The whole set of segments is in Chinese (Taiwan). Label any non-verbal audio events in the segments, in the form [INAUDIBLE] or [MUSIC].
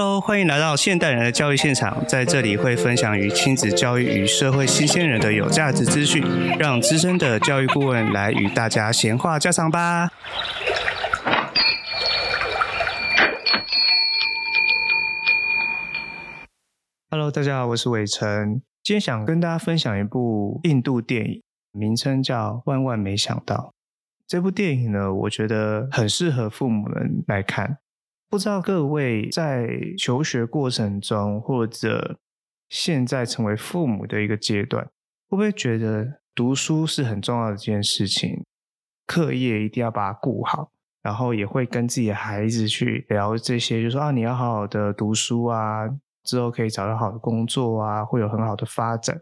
Hello，歡迎來到現代人的教育現場，在這裡會分享與親子教育與社會新鮮人的有價值資訊，讓資深的教育顧問來與大家閒話家常吧。Hello，大家好，我是偉成，今天想跟大家分享一部印度電影，名稱叫《萬萬沒想到》。這部電影呢，我覺得很適合父母們來看。不知道各位在求學過程中，或者現在成為父母的一個階段，會不會覺得讀書是很重要的一件事情？課業一定要把它顧好，然後也會跟自己的孩子去聊這些，就是說，啊，你要好好的讀書啊，之後可以找到好的工作啊，會有很好的發展。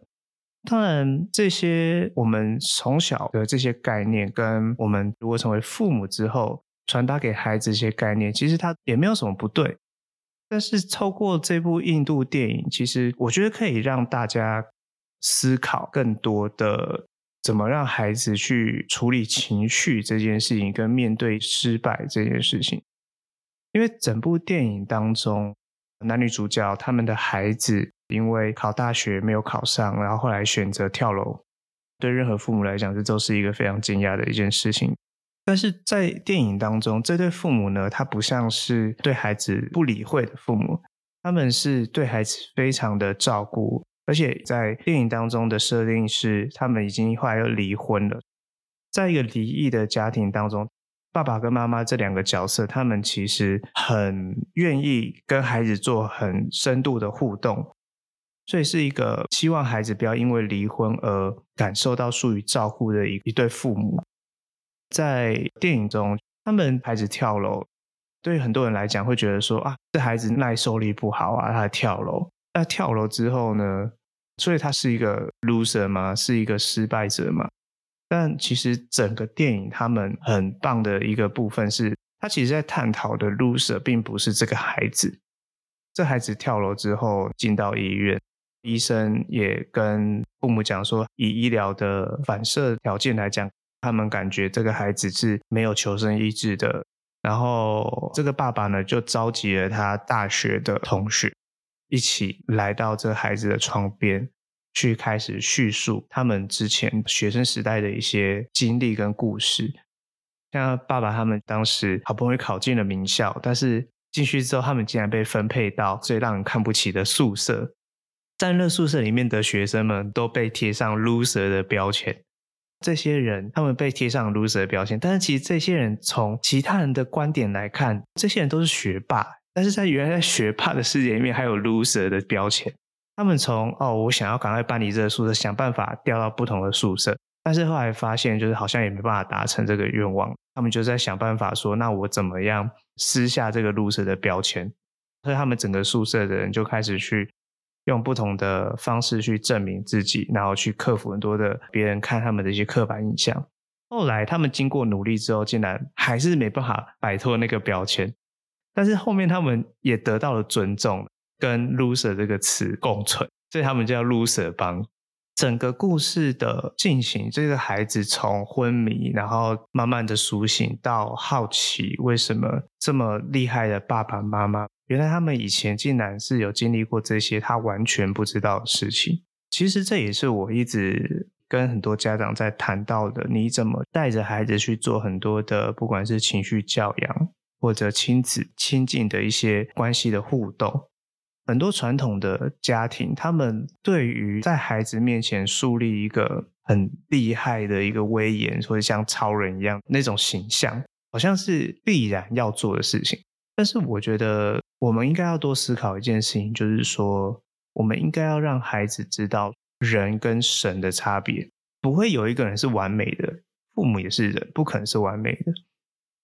當然，這些我們從小的這些概念，跟我們如果成為父母之後。傳達給孩子一些概念，其實他也沒有什麼不對。但是透過這部印度電影，其實我覺得可以讓大家思考更多的，怎麼讓孩子去處理情緒這件事情，跟面對失敗這件事情。因為整部電影當中，男女主角他們的孩子因為考大學沒有考上，然後後來選擇跳樓，對任何父母來講，這都是一個非常驚訝的一件事情。但是在電影當中，這對父母呢，他不像是對孩子不理會的父母，他們是對孩子非常的照顧，而且在電影當中的設定是，他們已經後來又離婚了，在一個離異的家庭當中，爸爸跟媽媽這兩個角色，他們其實很願意跟孩子做很深度的互動，所以是一個希望孩子不要因為離婚而感受到疏於照顧的一一對父母。在電影中，他們孩子跳樓，對於很多人來講會覺得說啊，這孩子耐受力不好啊，他跳樓。那跳樓之後呢？所以他是一個 loser 嗎？是一個失敗者嗎？但其實整個電影他們很棒的一個部分是，他其實在探討的 loser 並不是這個孩子。這孩子跳樓之後進到醫院，醫生也跟父母講說，以醫療的反射條件來講，他們感覺這個孩子是沒有求生意志的，然後這個爸爸呢，就召集了他大學的同學，一起來到這個孩子的窗邊，去開始敘述他們之前學生時代的一些經歷跟故事。像他爸爸他們當時好不容易考進了名校，但是進去之後他們竟然被分配到最讓人看不起的宿舍。在那宿舍裡面的學生們都被貼上 loser 的標籤。這些人他們被貼上 loser 的標籤，但是其實這些人從其他人的觀點來看，這些人都是學霸。但是在原來在學霸的世界裡面，還有 loser 的標籤。他們從哦，我想要趕快搬離這個宿舍，想辦法調到不同的宿舍。但是後來發現，就是好像也沒辦法達成這個願望。他們就在想辦法說，那我怎麼樣撕下這個 loser 的標籤？所以他們整個宿舍的人就開始去。用不同的方式去證明自己，然後去克服很多的別人看他們的一些刻板印象。後來他們經過努力之後，竟然還是沒辦法擺脫那個標籤，但是後面他們也得到了尊重，跟 loser 這個詞共存，所以他們叫 loser 幫。整個故事的進行，這個孩子從昏迷，然後慢慢的甦醒，到好奇為什麼這麼厲害的爸爸媽媽，原來他們以前竟然是有經歷過這些他完全不知道的事情。其實這也是我一直跟很多家長在談到的，你怎麼帶着孩子去做很多的，不管是情緒教養，或者親子親近的一些關係的互動。很多傳統的家庭，他們對於在孩子面前樹立一個很厲害的一個威嚴，或者像超人一樣那種形象，好像是必然要做的事情。但是，我覺得我們應該要多思考一件事情，就是說，我們應該要讓孩子知道人跟神的差別，不會有一個人是完美的，父母也是人，不可能是完美的。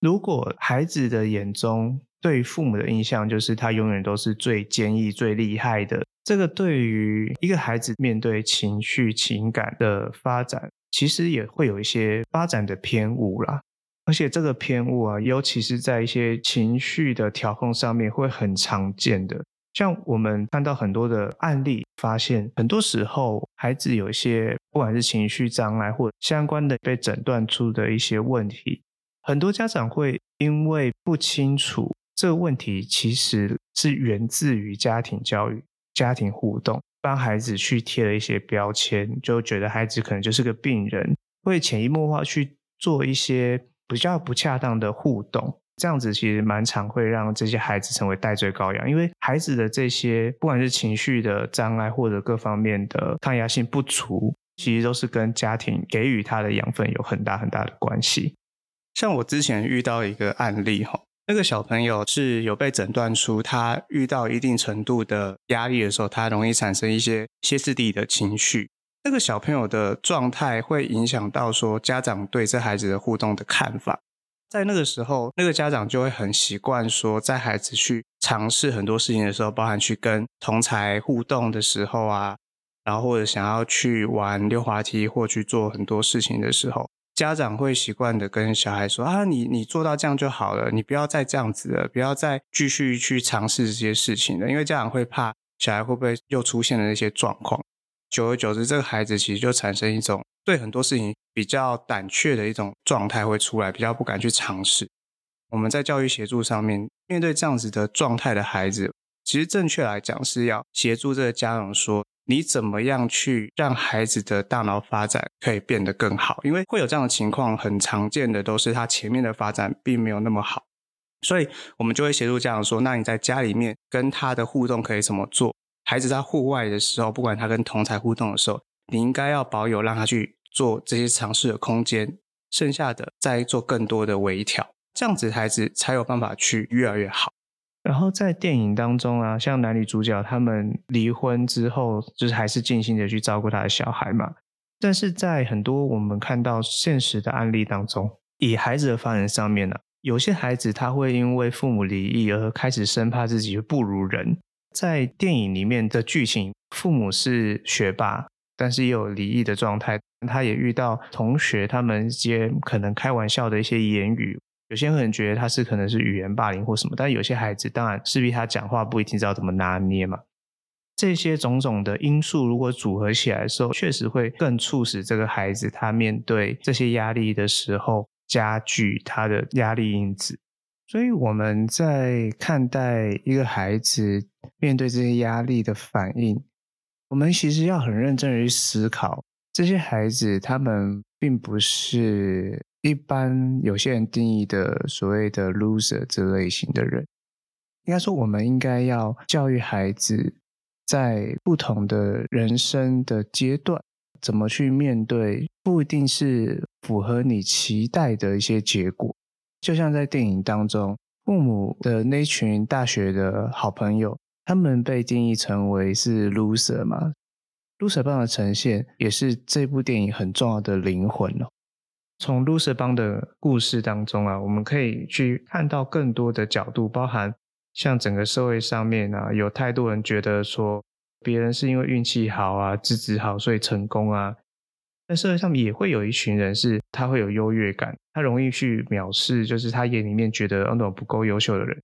如果孩子的眼中，對父母的印象就是他永遠都是最堅毅、最厲害的。這個對於一個孩子面對情緒情感的發展，其實也會有一些發展的偏誤啦。而且這個偏誤啊，尤其是在一些情緒的調控上面，會很常見的。像我們看到很多的案例，發現很多時候孩子有一些不管是情緒障礙或相關的被診斷出的一些問題，很多家長會因為不清楚。這個問題其實是源自於家庭教育、家庭互動，幫孩子去貼了一些標籤，就覺得孩子可能就是個病人，會潛移默化去做一些比較不恰當的互動，這樣子其實蠻常會讓這些孩子成為代罪羔羊。因為孩子的這些不管是情緒的障礙，或者各方面的抗壓性不足，其實都是跟家庭給予他的養分有很大很大的關係。像我之前遇到一個案例哈。那個小朋友是有被診斷出，他遇到一定程度的壓力的時候，他容易產生一些歇斯底里的情緒。那個小朋友的狀態會影響到說家長對這孩子的互動的看法，在那個時候，那個家長就會很習慣說，在孩子去嘗試很多事情的時候，包含去跟同儕互動的時候啊，然後或者想要去玩溜滑梯或去做很多事情的時候。家長會習慣的跟小孩說啊，你你做到這樣就好了，你不要再這樣子了，不要再繼續去嘗試這些事情了，因為家長會怕小孩會不會又出現了那些狀況，久而久之，這個孩子其實就產生一種對很多事情比較膽怯的一種狀態會出來，比較不敢去嘗試。我們在教育協助上面，面對這樣子的狀態的孩子，其實正確來講是要協助這個家長說。你怎麼樣去讓孩子的大腦發展可以變得更好？因為會有這樣的情況，很常見的都是他前面的發展並沒有那麼好，所以我們就會協助家長說，那你在家裡面跟他的互動可以怎麼做？孩子在戶外的時候，不管他跟同儕互動的時候，你應該要保有讓他去做這些嘗試的空間，剩下的再做更多的微調，這樣子孩子才有辦法去越來越好。然後在電影當中啊，像男女主角他們離婚之後，就是還是盡心的去照顧他的小孩嘛。但是在很多我們看到現實的案例當中，以孩子的發展上面呢啊，有些孩子他會因為父母離異而開始生怕自己不如人。在電影裡面的劇情，父母是學霸，但是也有離異的狀態，他也遇到同學他們一些可能開玩笑的一些言語。有些人覺得他是可能是語言霸凌或什麼，但有些孩子當然勢必他講話不一定知道怎麼拿捏嘛。這些種種的因素如果組合起來的時候，確實會更促使這個孩子他面對這些壓力的時候，加劇他的壓力因子。所以我們在看待一個孩子面對這些壓力的反應，我們其實要很認真地去思考，這些孩子他們並不是。一般有些人定義的所謂的 loser 這類型的人，應該說我們應該要教育孩子，在不同的人生的階段，怎麼去面對不一定是符合你期待的一些結果。就像在電影當中，父母的那群大學的好朋友，他們被定義成為是 loser 嘛，loser 幫的呈現也是這部電影很重要的靈魂哦。從盧瑟邦的故事當中啊，我們可以去看到更多的角度，包含像整個社會上面啊，有太多人覺得說別人是因為運氣好啊、資質好，所以成功啊。但社會上也會有一群人，是他會有優越感，他容易去藐視，就是他眼裡面覺得那種不夠優秀的人，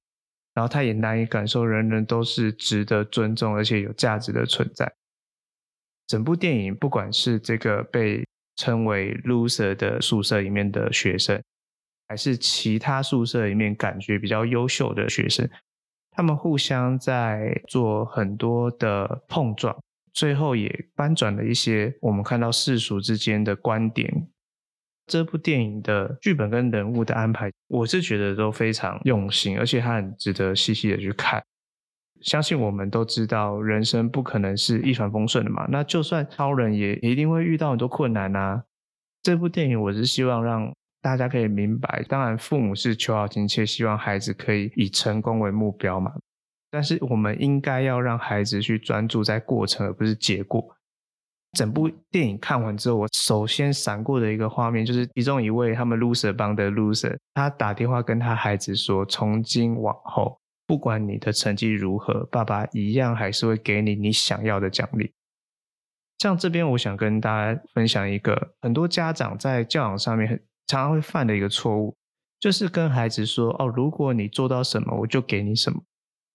然後他也難以感受人人都是值得尊重而且有價值的存在。整部電影，不管是這個被稱為 loser 的宿舍裡面的學生，還是其他宿舍裡面感覺比較優秀的學生，他們互相在做很多的碰撞，最後也翻轉了一些我們看到世俗之間的觀點。這部電影的劇本跟人物的安排，我是覺得都非常用心，而且他很值得細細的去看。相信我們都知道，人生不可能是一帆風順的嘛。那就算超人也一定會遇到很多困難啊。這部電影我是希望讓大家可以明白，當然父母是求好心切，希望孩子可以以成功為目標嘛。但是我們應該要讓孩子去專注在過程，而不是結果。整部電影看完之後，我首先閃過的一個畫面就是其中一位他們 loser 幫的 loser，他打電話跟他孩子說，從今往後。不管你的成績如何，爸爸一樣還是會給你你想要的獎勵。像這邊，我想跟大家分享一個很多家長在教養上面很常常會犯的一個錯誤，就是跟孩子說：“哦，如果你做到什麼，我就給你什麼。”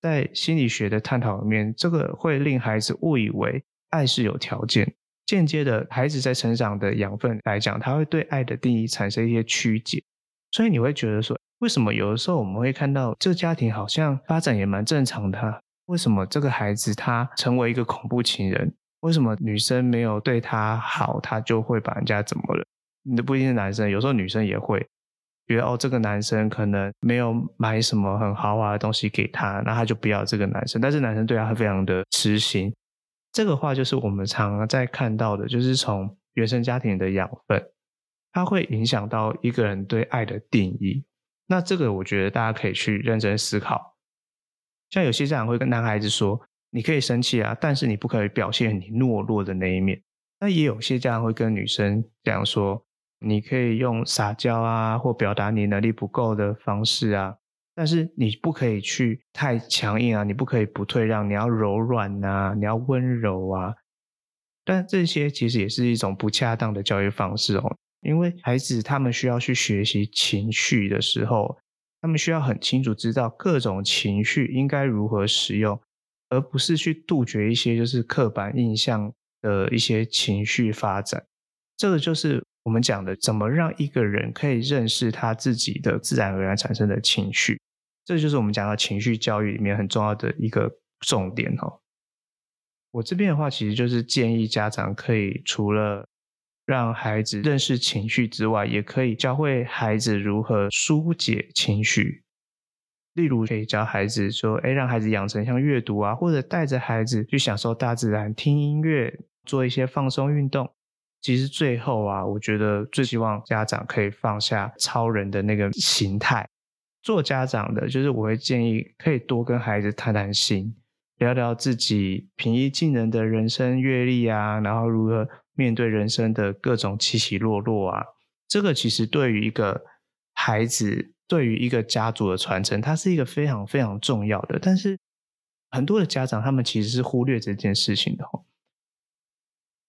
在心理學的探討裡面，這個會令孩子誤以為愛是有條件，間接的孩子在成長的養分來講，他會對愛的定義產生一些曲解，所以你會覺得說，為什麼有的時候我們會看到這個家庭好像發展也蠻正常的？為什麼這個孩子他成為一個恐怖情人？為什麼女生沒有對他好，他就會把人家怎麼了？那不一定是男生，有時候女生也會覺得哦，這個男生可能沒有買什麼很豪華的東西給他，那他就不要這個男生。但是男生對他非常的癡心。這個話就是我們常常在看到的，就是從原生家庭的養分，它會影響到一個人對愛的定義。那這個我覺得大家可以去認真思考，像有些家長會跟男孩子說，你可以生氣啊，但是你不可以表現你懦弱的那一面。那也有些家長會跟女生這樣說，你可以用撒嬌啊，或表達你能力不夠的方式啊，但是你不可以去太強硬啊，你不可以不退讓，你要柔軟啊，你要溫柔啊。但這些其實也是一種不恰當的教育方式哦。因為孩子他們需要去學習情緒的時候，他們需要很清楚知道各種情緒應該如何使用，而不是去杜絕一些就是刻板印象的一些情緒發展。這個就是我們講的怎麼讓一個人可以認識他自己的自然而然產生的情緒。這就是我們講到情緒教育裡面很重要的一個重點哦。我這邊的話，其實就是建議家長可以除了。讓孩子認識情緒之外，也可以教會孩子如何疏解情緒。例如，可以教孩子說：“哎，讓孩子養成像閱讀啊，或者帶着孩子去享受大自然、聽音樂、做一些放鬆運動。”其實，最後啊，我覺得最希望家長可以放下超人的那個形態。做家長的，就是我會建議可以多跟孩子談談心，聊聊自己平易近人的人生閱歷啊，然後如何。面對人生的各種起起落落啊，這個其實對於一個孩子，對於一個家族的傳承，它是一個非常非常重要的。但是很多的家長，他們其實是忽略這件事情的。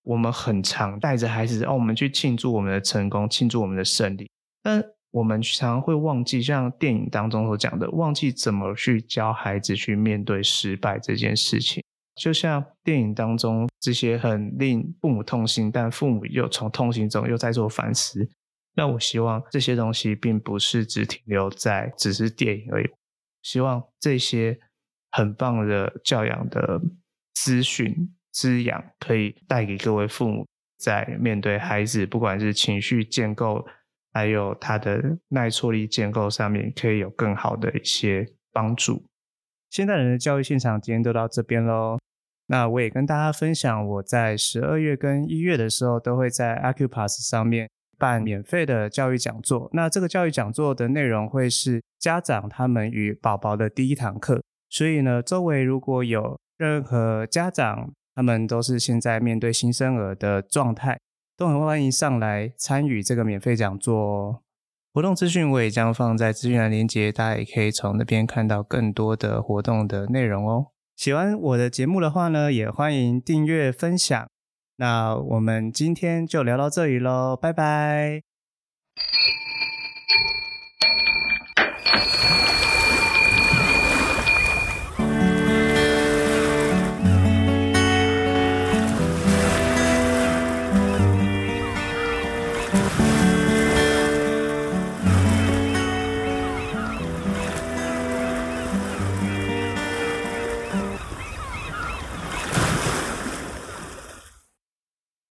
我們很常帶着孩子讓、哦、我們去慶祝我們的成功，慶祝我們的勝利，但我們常會忘記像電影當中所講的，忘記怎麼去教孩子去面對失敗這件事情。就像電影當中這些很令父母痛心，但父母又從痛心中又在做反思。那我希望這些東西並不是只停留在只是電影而已，希望這些很棒的教養的資訊滋養，可以帶給各位父母，在面對孩子不管是情緒建構，還有他的耐挫力建構上面，可以有更好的一些幫助。現代人的教育現場今天都到這邊嘍。那我也跟大家分享，我在十二月跟一月的時候都會在 Acupass 上面辦免費的教育講座。那這個教育講座的內容會是家長他們與寶寶的第一堂課，所以呢，周圍如果有任何家長，他們都是現在面對新生兒的狀態，都很歡迎上來參與這個免費講座哦。活動資訊我也將放在資訊欄連結，大家也可以從那邊看到更多的活動的內容哦。喜歡我的節目的話呢，也歡迎訂閱分享。那我們今天就聊到這裡嘍，拜拜。 [NOISE]